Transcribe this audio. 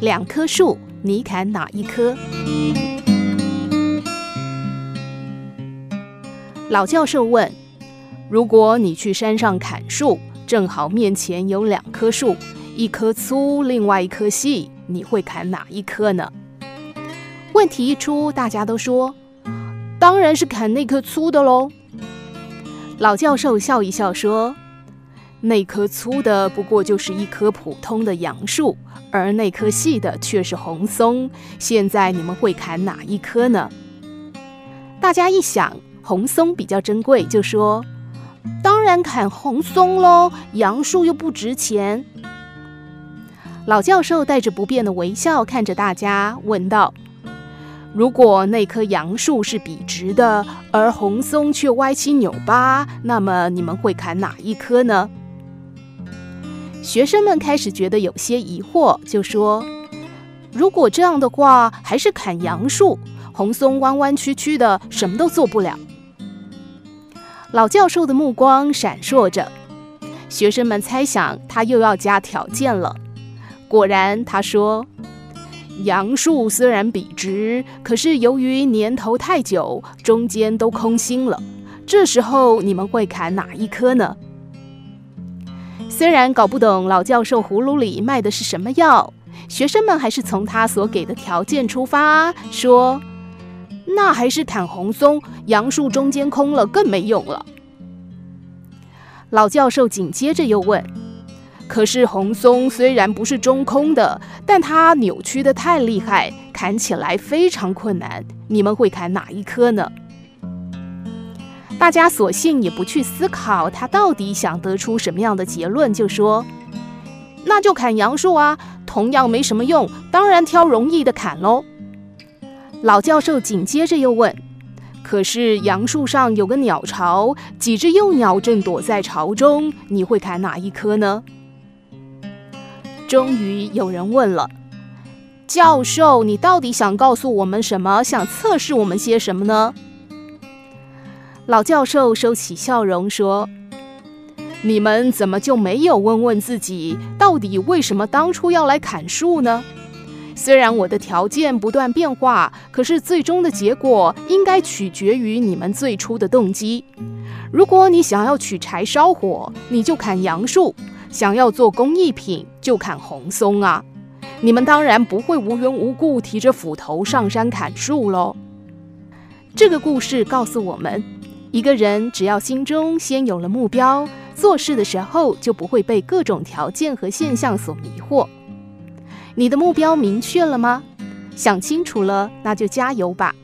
兩棵樹，你砍哪一棵？老教授問：“如果你去山上砍樹，正好面前有兩棵樹，一棵粗，另外一棵細，你會砍哪一棵呢？”問題一出，大家都說：“當然是砍那棵粗的咯。”老教授笑一笑說。那棵粗的不過就是一棵普通的楊樹，而那棵細的卻是紅松。現在你們會砍哪一棵呢？大家一想，紅松比較珍貴，就說：“當然砍紅松嘍，楊樹又不值錢。”老教授帶着不變的微笑看着大家，問道：“如果那棵楊樹是筆直的，而紅松卻歪七扭八，那麼你們會砍哪一棵呢？”學生們開始覺得有些疑惑，就說：“如果這樣的話，還是砍楊樹，紅松彎彎曲曲的，什麼都做不了。”老教授的目光閃爍着，學生們猜想他又要加條件了。果然，他說：“楊樹雖然筆直，可是由於年頭太久，中間都空心了。這時候你們會砍哪一棵呢？”雖然搞不懂老教授葫蘆裡賣的是什麼藥，學生們還是從他所給的條件出發說：“那還是砍紅松，楊樹中間空了更沒用了。”老教授緊接着又問：“可是紅松雖然不是中空的，但它扭曲的太厲害，砍起來非常困難。你們會砍哪一棵呢？”大家索性也不去思考他到底想得出什麼樣的結論，就說：“那就砍楊樹啊，同樣沒什麼用，當然挑容易的砍嘍。”老教授緊接着又問：“可是楊樹上有個鳥巢，幾隻幼鳥正躲在巢中，你會砍哪一棵呢？”終於有人問了：“教授，你到底想告訴我們什麼？想測試我們些什麼呢？”老教授收起笑容說：“你們怎麼就沒有問問自己，到底為什麼當初要來砍樹呢？雖然我的條件不斷變化，可是最終的結果應該取決於你們最初的動機。如果你想要取柴燒火，你就砍楊樹；想要做工藝品，就砍紅松啊。你們當然不會無緣無故提着斧頭上山砍樹嘍。”這個故事告訴我們。一個人只要心中先有了目標，做事的時候就不會被各種條件和現象所迷惑。你的目標明確了嗎？想清楚了，那就加油吧。